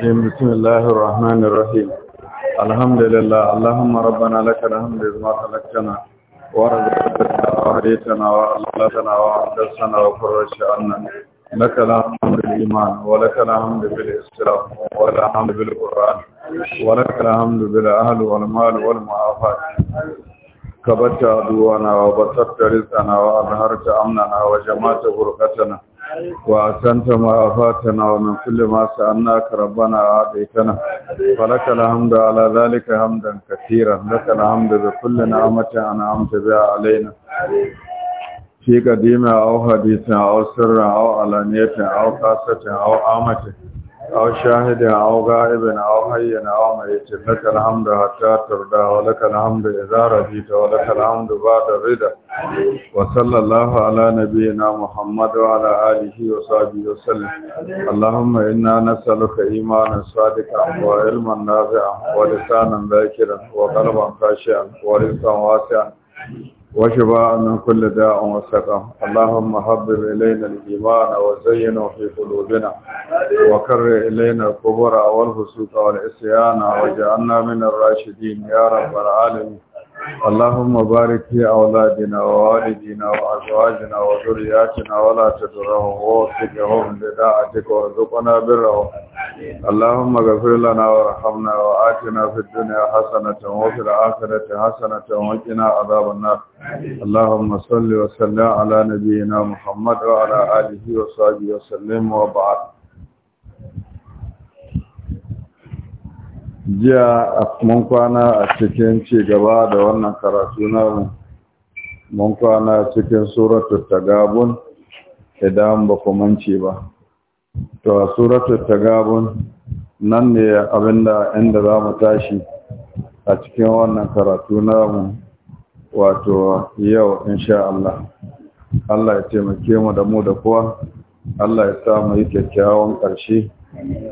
الرجيم بسم الله الرحمن الرحيم الحمد لله اللهم ربنا لك الحمد لما خلقتنا ورزقتنا وهديتنا وعلمتنا وعدتنا وفرجت عنا لك الحمد بالإيمان ولك الحمد بالإسلام ولك الحمد بالقرآن ولك الحمد بالأهل والمال والمعافاة كبرت عدونا وبسطت رزقنا وأظهرت أمننا وجمعت غرفتنا وأحسنت ما أفاتنا ومن كل ما سألناك ربنا أعطيتنا فلك الحمد على ذلك حمدا كثيرا لك الحمد بكل نعمة أنعمت بها علينا في قديمة أو حديثة أو سرة أو علانية أو خاصة أو عامة أو شاهد او غائب او هين او ميت لك الحمد حتى ترضى ولك الحمد اذا رضيت ولك الحمد بعد الرضا وصلى الله على نبينا محمد وعلى اله وصحبه وسلم اللهم انا نسالك ايمانا صادقا وعلما نافعا ولسانا ذاكرا وقلبا خاشعا ورزقا واسعا وشفاء من كل داء وسقم اللهم حبب إلينا الإيمان وزينه في قلوبنا وكر إلينا الكبر والفسوق والعصيان وجعلنا من الراشدين يا رب العالمين اللهم بارك في أولادنا ووالدينا وأزواجنا وذرياتنا ولا تدرهم ووفقهم لداعتك وارزقنا برهم اللهم اغفر لنا وارحمنا وآتنا في الدنيا حسنة وفي الآخرة حسنة واجنا عذاب النار اللهم صل وسلم على نبينا محمد وعلى آله وصحبه وسلم وبعد جاء من kwana a cikin ci gaba da wannan karatu na mun kwana cikin suratul tagabun idan ba ku mance ba to suratul tagabun nan ne abinda inda za mu tashi a cikin wannan karatu mu wato yau insha Allah Allah ya taimake mu da mu da kowa Allah ya sa mu yi kyakkyawan ƙarshe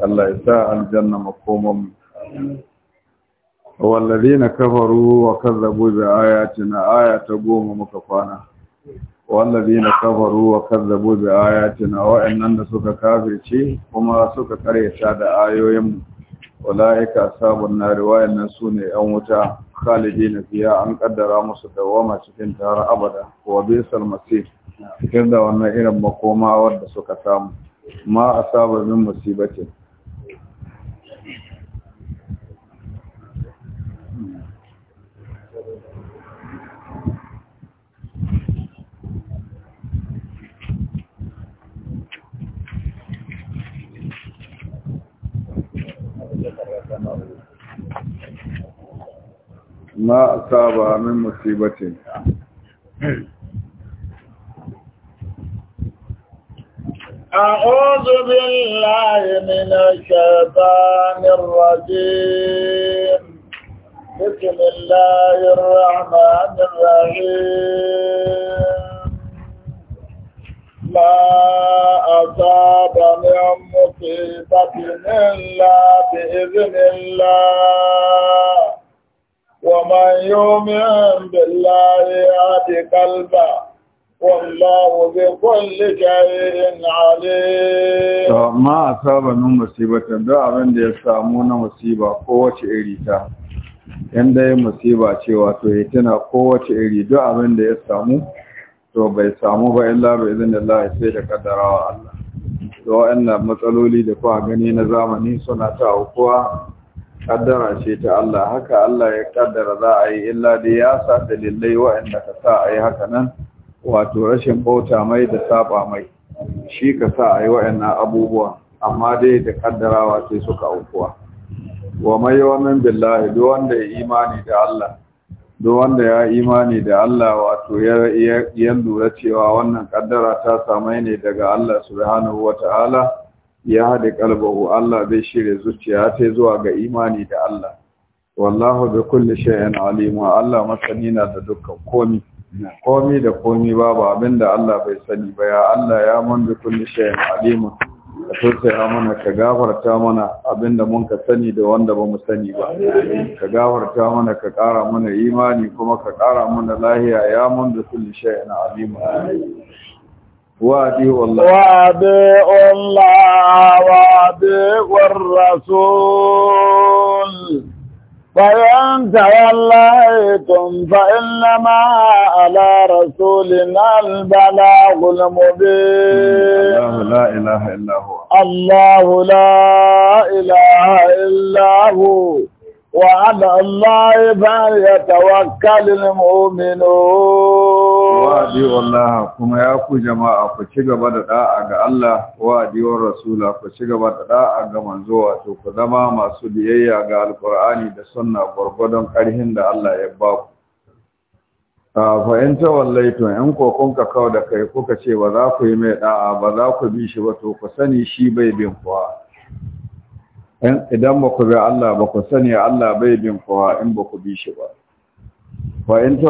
Allah ya sa aljanna makoman والذين كفروا 'Aya ta goma muka kwana. wallazi na kafaru wa kadzabu bi ayatina wa'annan da suka kafirci kuma suka karyata da ayoyin ayoyinmu ulaika ashabun nar su sune yan wuta khalidina fiha an kaddara musu dawama cikin tare abada wa bisal masir cikin da wannan irin makoma wanda suka samu ma asaba min musibatin ma asaba min musibatin أعوذ بالله من الشيطان الرجيم بسم الله الرحمن الرحيم ما أصاب من مصيبة إلا بإذن الله ومن يؤمن بالله يهد قلبه والله بكل شيء عليم ما أصاب من مصيبة دعا من يسامون مصيبة قوة إريتا yan da ya musiba cewa to ya tana kowace iri duk abin da ya samu to bai samu ba illa Allah ya sai da wa Allah to wa'annan matsaloli da kuwa gani na zamani suna ta hukuwa kaddara ce ta Allah haka Allah ya kaddara za a yi illa da ya sa dalilai wa'anda ka sa a yi haka nan wato rashin bauta mai da saba mai shi ka sa a yi wa'annan abubuwa amma dai da kaddarawa sai suka hukuwa wa mai yawan billahi duk wanda ya imani da Allah duk wanda ya imani da Allah wato ya lura cewa wannan kaddara ta samai ne daga Allah subhanahu wata'ala ya haɗe kalbahu Allah zai shirya zuciya ta zuwa ga imani da Allah wallahu bi kulli shay'in alim Allah masani na da dukkan komi komi da komi babu abinda Allah bai sani ba ya Allah ya mun bi kulli shay'in alim ka mana ka gafarta mana abinda mun ka sani da wanda ba mu sani ba ka gafarta mana ka ƙara mana imani kuma ka ƙara mana lahiya ya mun da kulli shay'in wallahi wa bi wallahi wa bi rasul bayan wallahi tun fa ina ma ala rasulun albala gulmube allahu la ilaha illahu وعلى الله فليتوكل المؤمنون وادي والله كما يا ku jama'a ku ci gaba da da'a ga Allah wadi wa rasula ku ci gaba da da'a ga manzo wato ku zama masu biyayya ga alqur'ani da sunna gwargwadon karhin da Allah ya ba ku fa in ta to in ko kun ka kawo da kai kuka ce ba za ku yi mai da'a ba za ku bi shi ba to ku sani shi bai bin kuwa idan ba ku bi Allah ba ku sani Allah bai bin kowa in ba ku bi shi ba fa in ta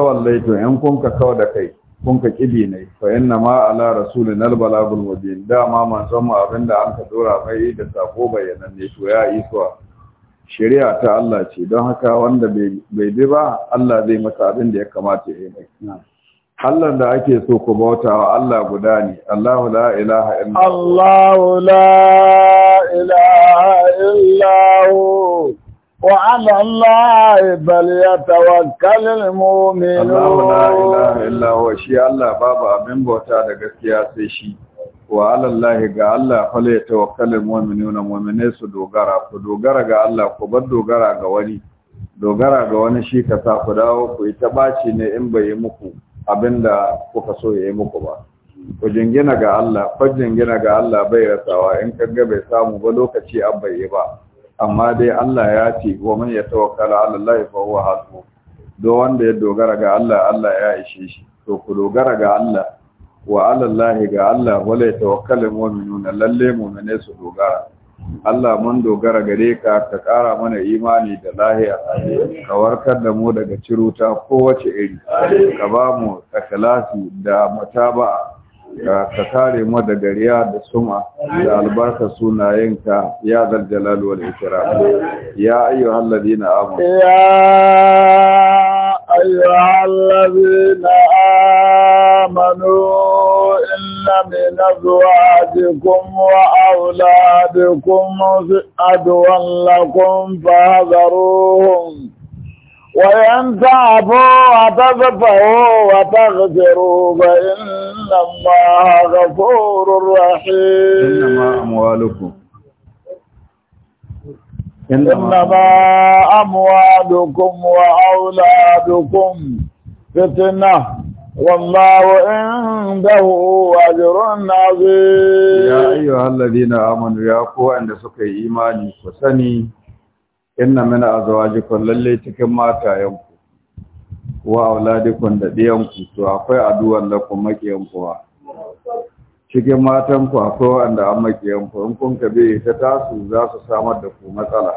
to in kun ka kawo da kai kun ka kibi ne fa inna ma ala rasulina albalagul mubin dama manzon mu abinda an ka dora mai da sako ne, to ya isuwa shari'a ta Allah ce don haka wanda bai bi ba Allah zai masa abin da ya kamata ya yi mai Allah da ake so ku bauta wa Allah guda ne, Allah la ilaha illa Allah la ilaha illa wa ala Allah bal yatawakkalul muminu. Allah la ilaha illa wa shi Allah babu abin bauta da gaskiya sai shi wa ala Allah ga Allah fal muminu na mu'mine su dogara ku dogara ga Allah ku bar dogara ga wani dogara ga wani shi ka sa ku dawo ku yi ta baci ne in bai yi muku Abin da kuka so ya yi muku ba ku jingina ga Allah ku jingina ga Allah bai rasawa in kaga bai samu ba lokaci an bai ba amma dai Allah ya ce wa man ya tawakkala ala Allah fa huwa hasbu do wanda ya dogara ga Allah Allah ya ishe shi to ku dogara ga Allah wa ala Allah ga Allah wala tawakkalul mu'minuna lalle mu'mine su dogara Allah mun dogara gare ka ka ƙara mana imani da lahiya ka warkar da mu daga ciruta kowace iri ka ba mu ikhlasi da mutaba'a ka kare mu daga riya da suma da albarka sunayenka ya zal jalal wal ikram ya ayyuhal ladina amanu ya من أزواجكم وأولادكم عدوا لكم فاحذروهم وإن تعفوا وتغفروا وتغفروا فإن الله غفور رحيم إنما أموالكم إنما أموالكم وأولادكم فتنة والله عنده أجر عظيم يا أيها الذين آمنوا يا قوة أن سكي إيماني فسني إن من أزواجكم للي تكما تايمكم وأولادكم لديكم توافي أدوا لكم مكيمكم cikin matanku akwai wanda an makiyanku in kun kabe ta tasu za su samar da ku matsala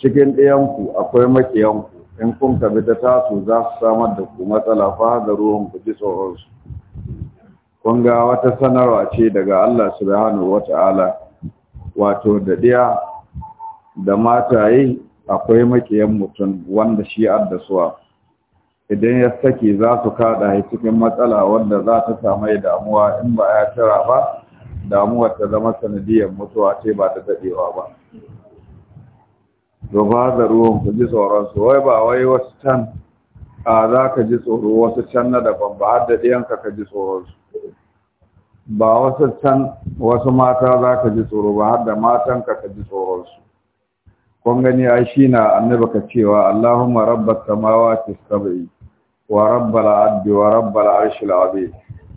cikin ɗayanku akwai makiyanku in kun ka bi ta tasu za su samar da ku matsala fa da ruhun ku ji tsoronsu kun ga wata sanarwa ce daga Allah subhanahu ta'ala, wato da ɗiya da mataye akwai makiyan mutum wanda shi addasuwa idan ya sake za su kada ya cikin matsala wanda za ta samu damuwa in ba ya tara ba damuwar ta zama sanadiyar mutuwa ce ba ta daɗewa ba to ba da ruwan ku ji tsoron su wai ba wai wasu can a za ka ji tsoro wasu can na daban ba har da ɗiyanka ka ji tsoron su ba wasu can wasu mata za ka ji tsoro ba har da matanka ka ji tsoron su kun gani ai shi na annabi ka cewa Allahumma rabbas samawati sab'i wa rabbal ardi wa rabbal arshil azim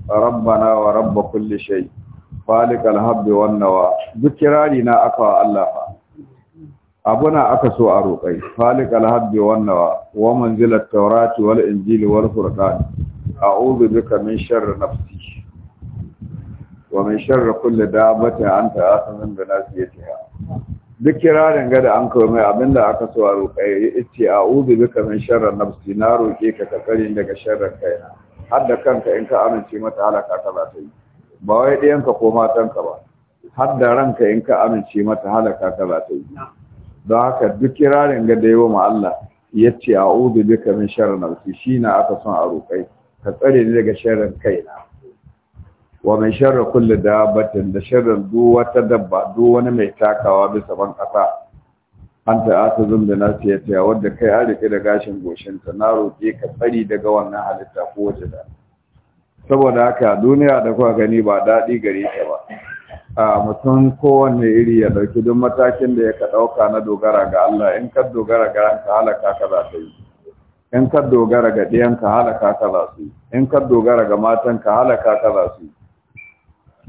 rabbana wa rabb kulli shay khaliqal habbi wan nawa duk kirari na aka Allah abuna aka so a roƙai falik alhabbi wannawa wa manzilat tawrati wal injili wal furqan a'udhu bika min sharri nafsi wa min sharri kulli dabbatin anta asimin bi nasiyatiha duk kirarin gada an kawo mai abinda aka so a roƙai yace a'udhu bika min sharri nafsi na roƙe ka ka kare daga sharrin kaina har da kanka in ka amince mata halaka ka ta yi ba wai ɗiyanka ko matanka ba har da ranka in ka amince mata halaka ta za ta yi don haka duk kirarin ga da yawa Allah ya ce a a'udhu duka min sharri nafsi na aka son a roƙai ka tsare ni daga kai na. wa min kulle da batin da sharar duwata wata dabba duwani mai takawa bisa ban kasa an ta aka zun da ya taya wadda kai an rike da gashin goshinta na roƙe ka tsare daga wannan halitta ko wace da saboda haka duniya da kuka gani ba daɗi gare ta ba a mutum kowanne iri ya dauki duk matakin da ya ka dauka na dogara ga Allah in ka dogara ga ranka halaka ka za ta yi in ka dogara ga ɗiyanka halaka ka za su yi in ka dogara ga ka halaka ka za su yi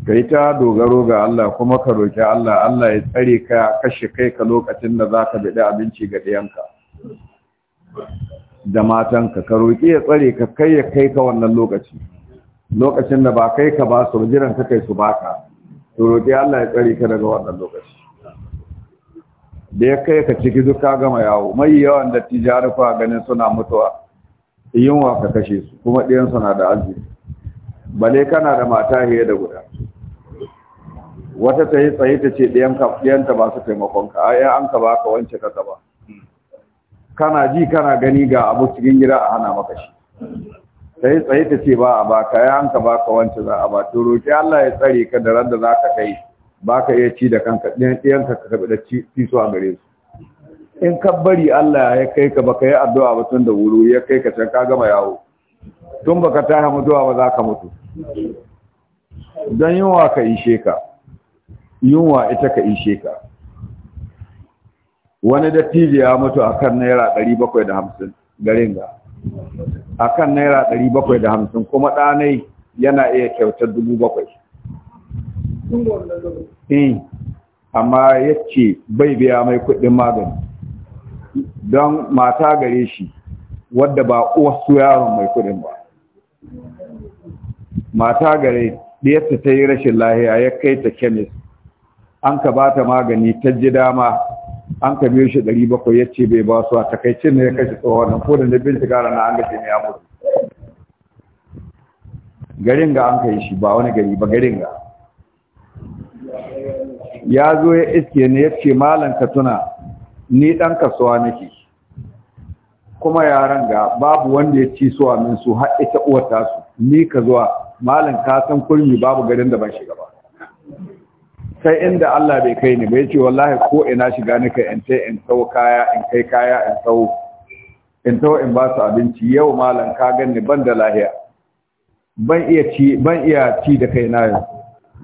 ka yi ta dogaro ga Allah kuma ka roki Allah Allah ya tsare ka kashe kai ka lokacin da za ka biɗi abinci ga ɗiyanka da matanka ka roƙi ya tsare ka kai ya kai ka wannan lokaci lokacin da ba kai ka ba su jiran ka kai su baka to roƙi Allah ya tsari ka daga wannan lokaci da ya kai ka ciki duk ka gama yawo mai yawan da tijarufa ganin suna mutuwa yunwa ka kashe su kuma ɗiyan suna da arziki bale kana da mata hiye da guda wata ta yi tsaye ta ce ɗiyanta ba su taimakonka a yan an ka ba ka wance ka ba kana ji kana gani ga abu cikin gida a hana maka shi sai tsaye ta ce ba a baka ya hanka baka wancan za a ba to roki Allah ya tsare ka da ran da ka kai baka iya ci da kanka ɗayan ka ka kaɓi da ci a gare su in ka bari Allah ya kai ka baka yi addu'a ba tun da wuri ya kai ka can ka gama yawo tun baka tashi mutuwa ba za ka mutu don yunwa ka ishe ka yunwa ita ka ishe ka wani dattijo ya mutu a kan naira ɗari bakwai da hamsin garin ga akan naira ɗari bakwai da hamsin kuma ɗanai yana iya kyautar dubu bakwai eh, amma ya ce bai biya mai kuɗin magani don mata gare shi wadda ba wasu yaron mai kuɗin ba mata gare ɗiyarta ta yi rashin lahiya ya kai ta kemis an ka ba ta magani ta ji dama an ka biyo shi ɗari bakwai ya ce bai ba su a takaicin ne ya kashe tsohon ko da na bincika na, an gace ne ya mutu garin ga an kai shi ba wani gari ba garin ga ya zo ya iske ne ya ce malam ka tuna ni ɗan kasuwa nake kuma yaran ga babu wanda ya ci suwa min su har ita uwar tasu ni ka zuwa malam ka san kurmi babu garin da ban shiga ba sai inda Allah bai kai ni ba ce wallahi ko ina shiga nika in sai in sau kaya in kai kaya in sau in sau in ba su abinci yau malam ka ganni ban da lahiya ban iya ci ban iya ci da kai na yau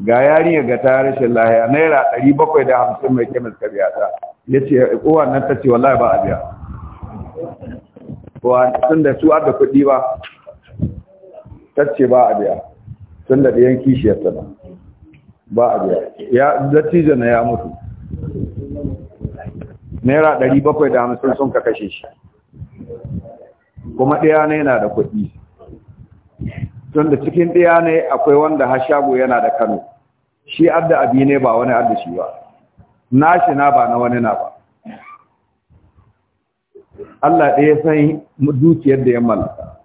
ga yarinya ga ta rashin lahiya naira 750 mai kemis ka biya ta yace uwa nan tace wallahi ba a biya wa tun da su da kuɗi ba tace ba a biya tun da yanki shi ya tsana ba a biya ya dattijo na ya mutu naira ɗari bakwai da hamsin sun ka kashe shi kuma ɗaya ne yana da kuɗi tun da cikin ɗaya ne akwai wanda har shago yana da kano shi adda abi ne ba wani adda shi ba nashi na ba na wani na ba Allah ɗaya san dukiyar da ya mallaka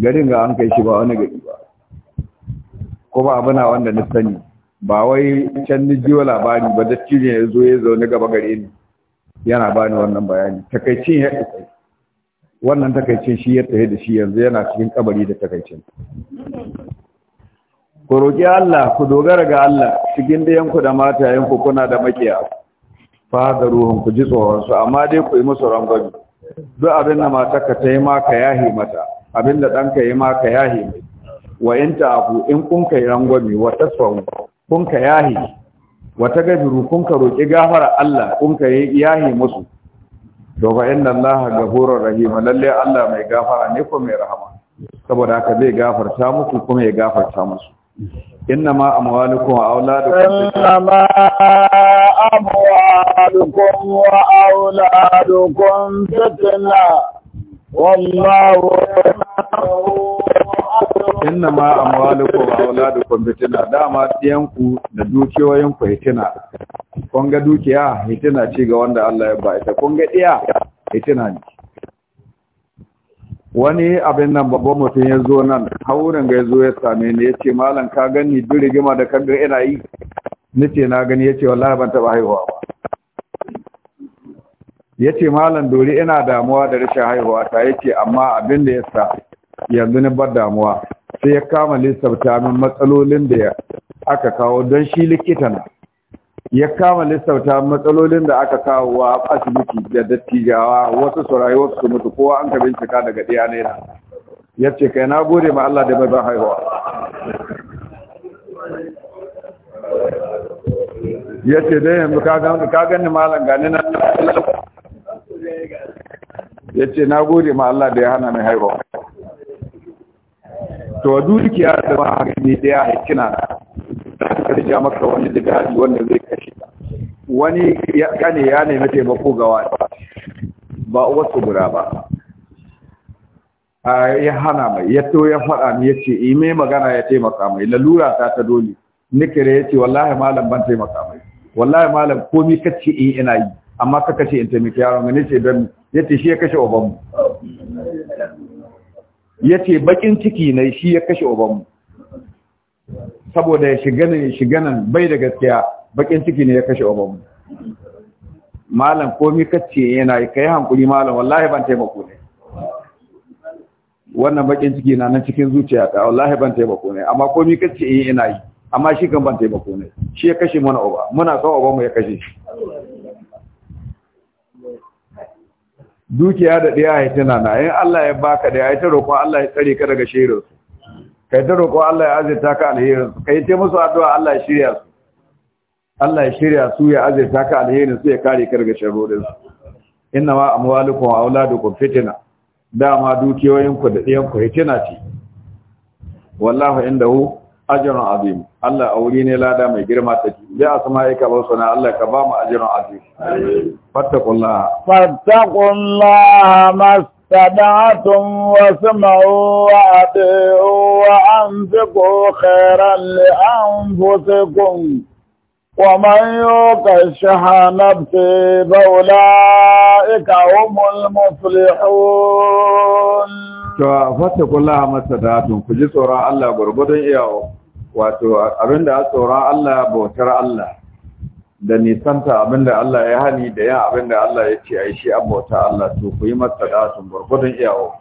garin ga an kai shi ba wani gari ba kuma abuna na wanda na sani ba wai can ni jiwa labari ba da cire ya zo ya zaune gaba gare ni yana bani wannan bayani takaicin ya tsaye wannan takaicin shi ya tsaye da shi yanzu yana cikin kabari da takaicin ku roƙi Allah ku dogara ga Allah cikin dayanku da matayenku kuna da makiya fa da ruhun ku ji tsoron su amma dai ku yi musu rangwami duk abin da ka ta yi ka yahi mata abin da ɗanka yi maka yahi mai wa in ta'afu in kun kai rangwami wa tsawon kun ka yahi wa tagafiru kun ka roki gafara Allah kun ka yahi musu to inda inna Allah ghafurur rahima, lalle Allah mai gafara ne ko mai rahama saboda haka zai gafarta musu kuma ya gafarta musu auladukum inna ma amwalukum wa auladukum fitna inna ma amwalukum wa dama diyanku da dukiyoyinku fitina kun ga dukiya ga wanda Allah ya wani abin nan babban mutum ya zo nan haurin ga ya zo ya same ni ya ce malam ka gani duri rigima da kan ina yi nace na gani ya ce wallahi ban taɓa haihuwa ba ya ce malam dori ina damuwa da rashin haihuwa ta ya ce amma abin da ya sa yanzu ni bar damuwa sai ya kama lissafta min matsalolin da aka kawo don shi likita na ya kama lissafta matsalolin da aka kawo wa asibiti da dattijawa wasu su rayu wasu su mutu kowa an ka bincika daga ɗaya naira ya ce kai na gode ma Allah da bai haihuwa ya ce dai yanzu ka gani malam gani nan ya ce na gode ma Allah da ya hana mai haihuwa to dukiya da ba haka ne da ya haikina ka a maka wani haji wanda zai kashe wani ya kane ya nemi taimako ga wani ba wasu guda ba ya hana mai ya to ya faɗa ya ce ime magana ya taimaka mai lalura ta ta dole nikire ya ce wallahi malam ban taimaka mai wallahi malam komi kace in ina yi amma kaka ce in taimaki yaron ne ce don yace shi ya kashe obanmu, yace bakin ciki ne shi ya kashe obanmu, saboda ya shiga ne shiga nan bai da gaskiya bakin ciki ne ya kashe obanmu. malam komi kace yana kai hankuri malam wallahi ban taimako ne wannan bakin ciki na nan cikin zuciya ta wallahi ban taimako ne amma komi kace yana yi amma shi kan ban taimako ne shi ya kashe mana oba, muna son obanmu mu ya kashe shi dukiya da ɗaya ya tana na in Allah ya baka da ya ta roƙon Allah ya tsare ka daga shirin su yi ta roƙon Allah ya azirta ka alherin su yi ta musu addu'a Allah ya shirya su Allah ya shirya su ya azirta ka alherin su ya kare ka daga sharrorin su inna ma amwalukum wa auladukum fitna dama dukiyoyinku da ɗiyanku hitina ce wallahu hu ajrun azim Allah aure ne lada mai girma take bi asma'ika wa sana Allah ka ba mu ajrun azim fattaqullaha fattaqullaha mastata'tum wasma'u wa ati'u wa anfiqu khairan li anfusikum ومن يوق الشح نفسه فأولئك هم المفلحون to fatakun lahamar sadatun ku ji tsoron Allah gwargwadon iyawo wato abinda a tsoron Allah bautar Allah da nisanta abinda Allah ya hani da yan abinda Allah ya ce a yi shi an bauta Allah to ku yi masa sun gwargwadon iyawo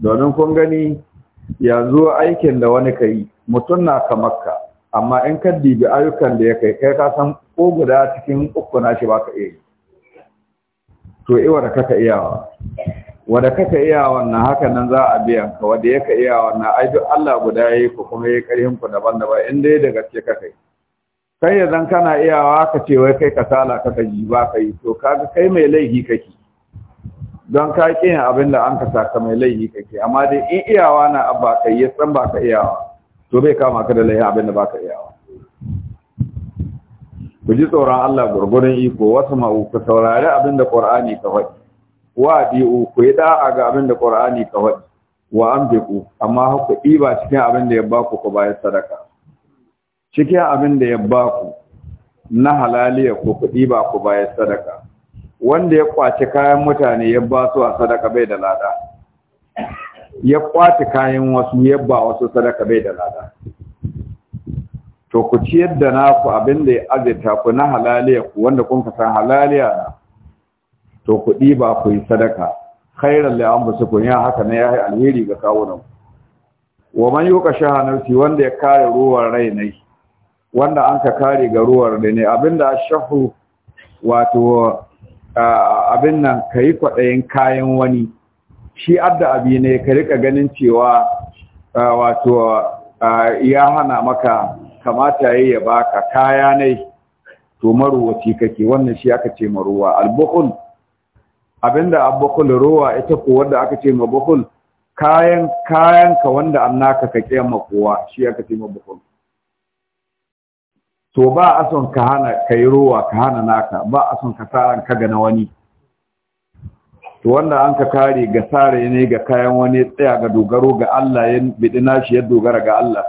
domin kun gani yanzu aikin da wani ka yi mutum na ka amma in ka dibi ayyukan da ya kai kai ka san ko guda cikin uku na shi ba ka iya yi to iwa da kaka iyawa wanda kaka iya wannan haka nan za a biyan ka wanda yaka iya wannan ai duk Allah guda yayi ku kuma yayi karhin ku daban-daban in dai da gaske kaka yi kai ya zan kana iyawa ka ce wai kai kasala kaka ji ba kai to kaga kai mai laifi kake don ka ƙi abin da an ka saka mai laifi kake amma dai in iyawa na abba kai ya san ba ka iyawa to bai kama ka da laifi abin da ba ka iyawa ku ji tsoron Allah gurgurin iko wasu ma'u ku saurari abin da Qur'ani ka faɗi wa bi'u ku yi da'a ga abin da qur'ani ka wadi wa ambiku amma ku diba cikin abin da ya baku ku bayar sadaka cikin abin da ya baku na halaliya ku ku diba ku bayar sadaka wanda ya kwaci kayan mutane ya ba su a sadaka bai da lada ya kwaci kayan wasu ya ba wasu sadaka bai da lada to ku ciyar da naku abin da ya azita ku na halaliya ku wanda kun ka san halaliya na to kuɗi ba ku yi sadaka khairan li anfusikum ya haka ne yayi alheri ga kawunan wa man yuka shahanarsi wanda ya kare ruwan rai ne wanda an ka kare ga ruwan rai ne abinda shahu wato abin nan kai kwaɗayin kayan wani shi adda abi ne ka rika ganin cewa wato ya hana maka kamata yayi ya baka kaya ne to maruwaci kake wannan shi aka ce maruwa Albu'un. abinda abbakul ruwa ita ko wanda aka ce ma bukul kayan kayan ka wanda annaka ka ma kowa shi aka ce ma bukul to ba a son ka hana kai ruwa ka hana naka ba a son ka sa ka ga na wani to wanda an ka kare ga sare ne ga kayan wani tsaya ga dogaro ga Allah ya bidina shi ya dogara ga Allah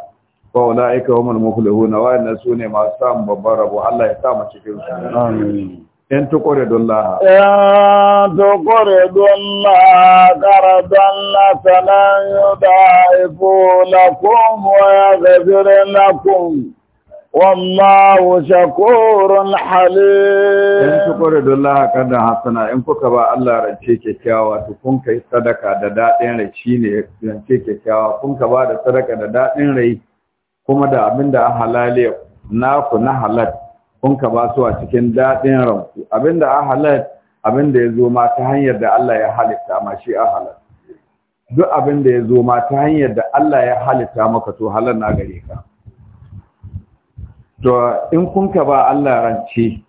fa ulaika humul muflihuna wa inna sunne ma sam babbar rabo Allah ya sa mu cikin su amin إن تقرضوا الله إن تقرضوا الله قرضا حسنا يضاعفوا لكم ويغفر لكم والله شكور حليم إن تقرضوا الله قرضا حسنا إن كوكبا الله رنشي كيكاوا تكون كي صدقة دادين رشيني رنشي كيكاوا كون كبا صدقة دادين ري kuma da abin da halale naku na halal kun ka ba su a cikin daɗin ranku abinda a halal abinda ya zo ma ta hanyar da Allah ya halitta ma shi a halal duk abinda ya zo ma ta hanyar da Allah ya halitta maka to halar na gare ka to in kun ka ba Allah rance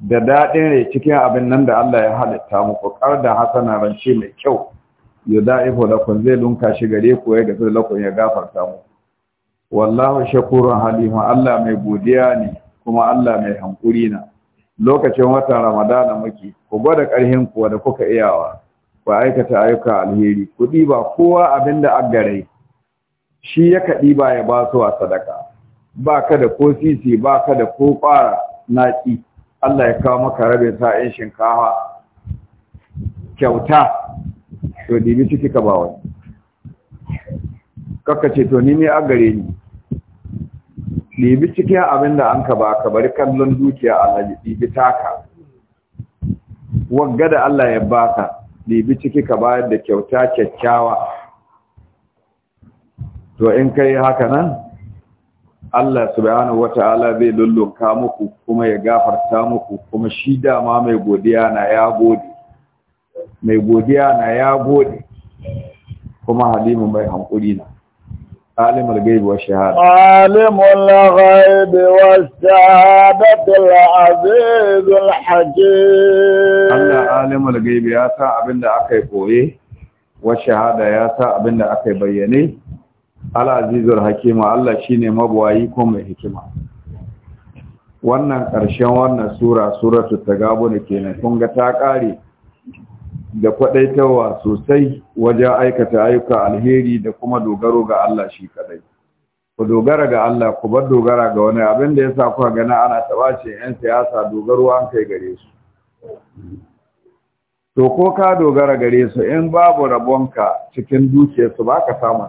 da daɗin rai cikin abin nan da Allah ya halitta muku kar da hasana rance mai kyau ya da'ifu da kun zai lunka shi gare ku ya zai lakon ya gafarta muku wallahu shakurun halima Allah mai godiya ne kuma Allah mai hankuri na lokacin watan ramadana muke ku gwada ƙarhin ku da kuka iyawa ku aikata ayyuka alheri ku ɗiba kowa abin da aggare shi ya ka ba ya ba su sadaka ba ka da ko sisi ba ka da ko ƙwara naƙi Allah ya kawo maka rabin sa'in shinkafa kyauta to dibi ciki ka ba wani kaka to ni ne gare ni ɗibi cikin abin da an ka ba ka bari kallon dukiya alhaji ɗibi taka wagga da Allah ya baka ɗibi ciki ka bayar da kyauta kyakkyawa to in ka yi haka nan Allah subhanahu wata'ala zai lullunka muku kuma ya gafarta muku kuma shi dama mai godiya na ya gode mai godiya na ya gode kuma halimu mai hankuri na عالم الغيب والشهادة عالم الغيب والشهادة العزيز الحكيم الله عالم الغيب يا سا أبن دا أكي قوي والشهادة يا سا أبن دا أكي بياني العزيز الحكيم الله شيني مبوايكم الحكمة wannan ƙarshen wannan sura suratul tagabun kenan kun ga ta ƙare da kwaɗaitawa sosai wajen aikata ayyuka alheri da kuma dogaro ga Allah shi kadai. Ku dogara ga Allah, ku bar dogara ga wani abin da ya sa kuka gana ana taɓa ce 'yan siyasa dogaro an kai gare su. To, ko ka dogara gare su in babu rabonka cikin dukiyarsu ba ka samun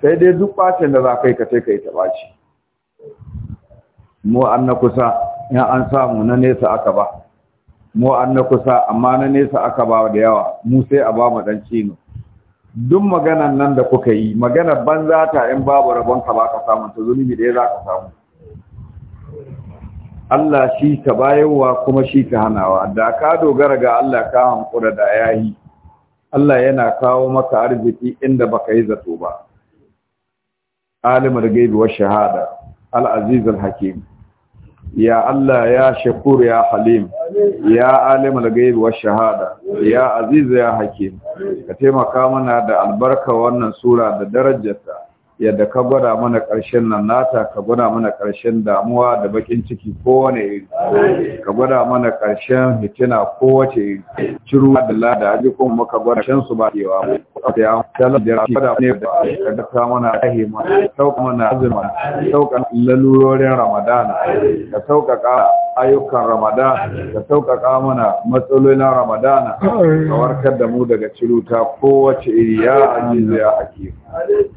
sai dai duk ɓacin da za kai yi ka ce ka yi taɓa ce. Mu an na kusa, in an samu na nesa aka ba. mu an na kusa amma na nesa aka ba da yawa mu sai a ba mu dan cino duk maganan nan da kuka yi magana banza ta in babu rabon ka ba ka samu to zunubi da za ka samu Allah shi ka bayarwa kuma shi ka hanawa da ka dogara ga Allah ka hankura da ayahi Allah yana kawo maka arziki inda baka yi zato ba alimul gaibi wa shahada al-aziz al-hakim ya Allah ya shakur ya halim ya alim al shahada ya aziz ya hakim ka taimaka mana da albarka wannan sura da darajarta yadda ka gwada mana ƙarshen nan nata ka gwada mana ƙarshen damuwa da bakin ciki kowane iri ka gwada mana ƙarshen hitina kowace iri ciru da lada aji kuma maka gwada shan su ba kewa ya talar da gwada ne da ka gata mana ahi ma sauka mana azuma sauka lalurorin ramadana ka sauƙaƙa ayyukan ramadana ka sauƙaƙa mana matsalolin ramadana ka warkar da mu daga ciruta kowace iri ya ajiye ya hakimu